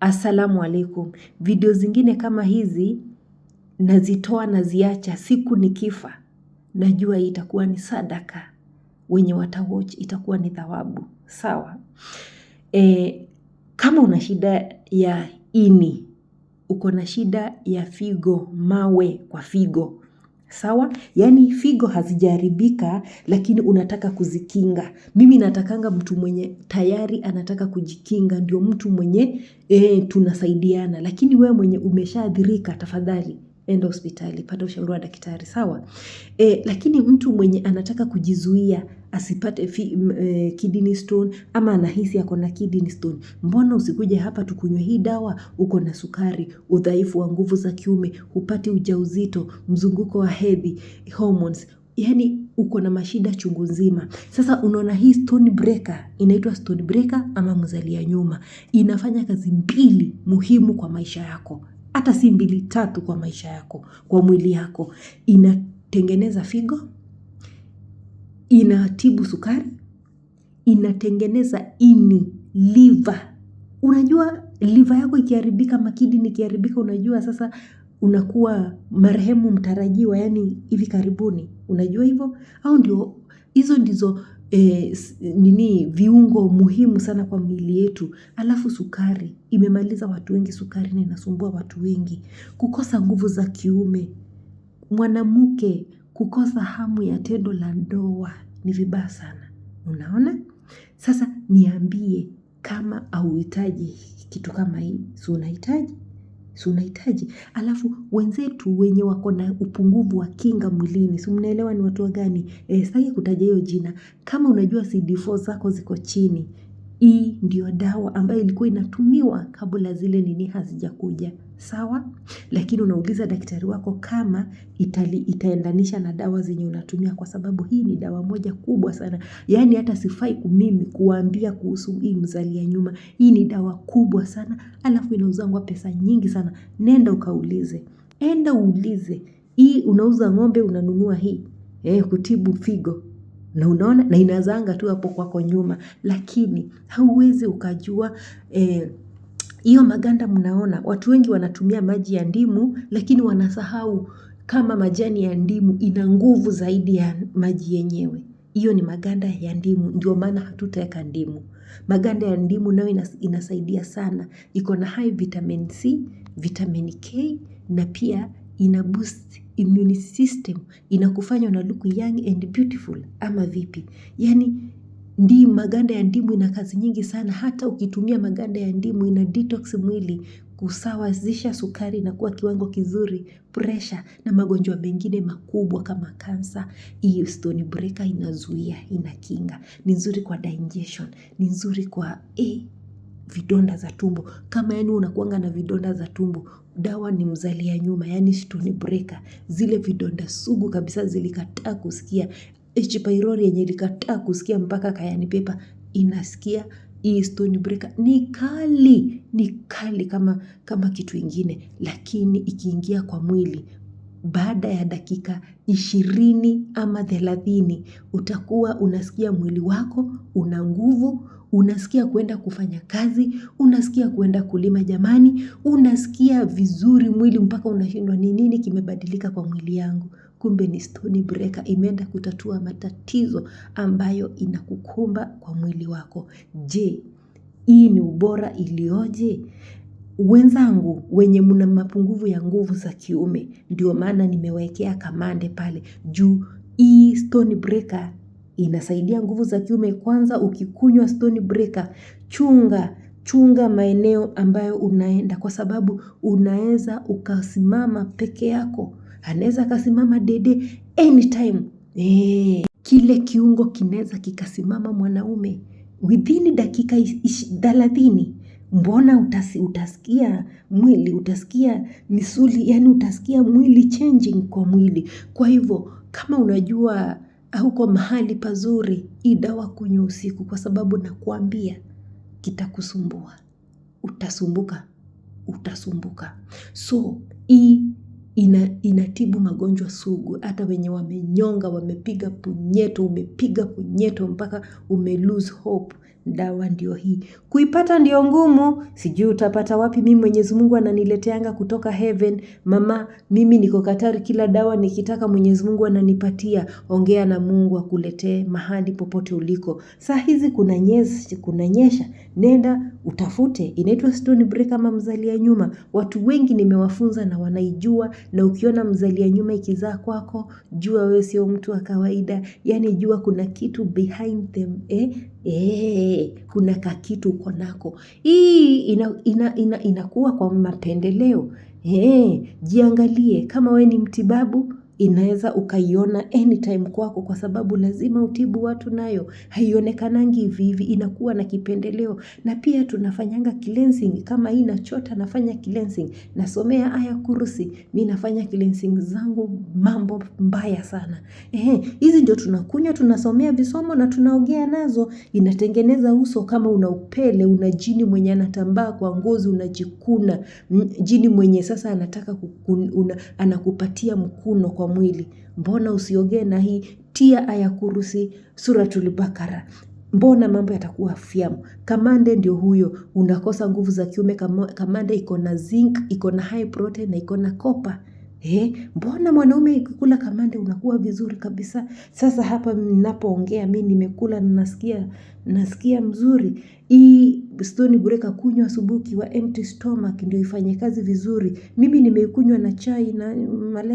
Assalamu alaikum. Video zingine kama hizi nazitoa naziacha, siku nikifa najua hii itakuwa ni sadaka, wenye watawatch itakuwa ni thawabu. Sawa. E, kama una shida ya ini, uko na shida ya figo, mawe kwa figo, Sawa? Yaani figo hazijaharibika lakini unataka kuzikinga. Mimi natakanga mtu mwenye tayari anataka kujikinga ndio mtu mwenye eh, tunasaidiana. Lakini wewe mwenye umeshaathirika tafadhali enda hospitali, pata ushauri wa daktari, sawa? E, lakini mtu mwenye anataka kujizuia asipate fi, e, kidney stone ama anahisi ako na kidney stone, mbona usikuje hapa tukunywe hii dawa? Uko na sukari, udhaifu wa nguvu za kiume, hupati ujauzito, mzunguko wa hedhi, hormones yani uko na mashida chungu nzima. Sasa unaona hii stone breaker inaitwa stone breaker ama mzalia nyuma, inafanya kazi mbili muhimu kwa maisha yako hata si mbili tatu kwa maisha yako, kwa mwili yako. Inatengeneza figo, inatibu sukari, inatengeneza ini, liva Unajua liva yako ikiharibika, makidi nikiharibika, ikiharibika, unajua sasa unakuwa marehemu mtarajiwa, yani hivi karibuni. Unajua hivyo, au ndio hizo ndizo E, nini viungo muhimu sana kwa miili yetu. Alafu sukari, imemaliza watu wengi sukari na inasumbua watu wengi. Kukosa nguvu za kiume, mwanamke kukosa hamu ya tendo la ndoa ni vibaya sana. Unaona? Sasa niambie kama auhitaji kitu kama hii, si unahitaji? si unahitaji. Alafu wenzetu wenye wako na upunguvu wa kinga mwilini. Si mnaelewa ni watu wa e eh, Sitaki kutaja hiyo jina. Kama unajua CD4 zako ziko chini hii e ndio dawa ambayo ilikuwa inatumiwa kabla zile nini hazijakuja sawa. Lakini unauliza daktari wako kama itali, itaendanisha na dawa zenye unatumia, kwa sababu hii ni dawa moja kubwa sana, yaani hata sifai mimi kuambia kuhusu hii mzali ya nyuma. Hii ni dawa kubwa sana, alafu inauzangwa pesa nyingi sana. Nenda ukaulize, enda uulize, hii unauza ng'ombe, unanunua hii eh, kutibu figo na unaona, na inazanga tu hapo kwako nyuma, lakini hauwezi ukajua eh, hiyo maganda mnaona, watu wengi wanatumia maji ya ndimu, lakini wanasahau kama majani ya ndimu ina nguvu zaidi ya maji yenyewe. hiyo ni maganda ya ndimu, ndio maana hatutaeka ndimu. Maganda ya ndimu nayo inasaidia sana, iko na high vitamin C, vitamin K, na pia ina boost immune system inakufanya una look young and beautiful ama vipi? yani ndimu, maganda ya ndimu ina kazi nyingi sana. Hata ukitumia maganda ya ndimu ina detox mwili kusawazisha sukari na kuwa kiwango kizuri, pressure na magonjwa mengine makubwa kama kansa. Hii stone breaker inazuia, inakinga. Ni nzuri kwa digestion, ni nzuri kwa eh, vidonda za tumbo. Kama yani unakuanga na vidonda za tumbo, dawa ni mzalia nyuma, yani stone breaker. Zile vidonda sugu kabisa zilikataa kusikia. H. pylori yenye ilikataa kusikia mpaka kayani pepa inasikia. Hii stone breaker ni kali, ni kali kama kitu ingine. Lakini ikiingia kwa mwili, baada ya dakika ishirini ama thelathini, utakuwa unasikia mwili wako, una nguvu, unasikia kuenda kufanya kazi, unasikia kuenda kulima jamani, unasikia vizuri mwili mpaka unashindwa ni nini kimebadilika kwa mwili yangu. Kumbe ni stoni breka imeenda kutatua matatizo ambayo inakukumba kwa mwili wako. Je, hii ni ubora iliyoje Wenzangu wenye mna mapunguvu ya nguvu za kiume. ndio maana nimewekea kamande pale. Juu hii stoni breka inasaidia nguvu za kiume kwanza ukikunywa stone breaker. Chunga, chunga maeneo ambayo unaenda kwa sababu unaweza ukasimama peke yako. anaweza akasimama dede anytime. Kile kiungo kinaweza kikasimama mwanaume. Within dakika thelathini. Mbona utasikia mwili, utasikia misuli, yani utasikia mwili changing kwa mwili. Kwa hivyo kama unajua hauko mahali pazuri idawa kunywa usiku kwa sababu nakuambia kitakusumbua. Utasumbuka, utasumbuka. So, hii inatibu magonjwa sugu. Hata wenye wamenyonga, wamepiga punyeto, umepiga punyeto mpaka ume lose hope. Dawa ndio hii. Kuipata ndio ngumu. Sijui utapata wapi mimi mwenyezi mungu ananileteanga kutoka heaven. Mama mimi niko Katari kila dawa nikitaka mwenyezi mungu ananipatia. Ongea na mungu akuletee mahali popote uliko. Saa hizi kunanyesha. Nenda utafute. Inaitwa stone break ama mzalia nyuma. Watu wengi nimewafunza na wanaijua na ukiona mzalia nyuma ikizaa kwako, jua wewe sio mtu wa kawaida. Yaani jua kuna kitu behind them, eh? Eh, kuna kakitu uko nako. Hii inakuwa kwa mapendeleo. Eh, jiangalie kama we ni mtibabu, inaeza ukaiona anytime kwako kwa sababu lazima utibu watu nayo. Haionekanangi hivi hivi inakuwa na kipendeleo. Na pia tunafanyanga cleansing kama hii nachota nafanya cleansing. Nasomea aya kurusi mi nafanya cleansing zangu mambo mbaya sana. Hizi ndio tunakunywa, tunasomea visomo na tunaogea nazo inatengeneza uso kama una upele, una jini mwenye anatambaa kwa ngozi unajikuna, mm, jini mwenye sasa anataka anakupatia mkuno kwa mwili, mbona usiogee na hii? Tia ayakurusi kurusi Suratul Bakara, mbona mambo yatakuwa fyamu. Kamande ndio huyo, unakosa nguvu za kiume. Kamande iko na zinc, iko na high protein na iko na kopa. He, eh, mbona mwanaume ikikula kamande unakuwa vizuri kabisa. Sasa hapa ninapoongea mi nimekula na nasikia nasikia mzuri. Hii stone breaker kunywa asubuhi ukiwa empty stomach ndio ifanye kazi vizuri. Mimi nimeikunywa na chai na malenge.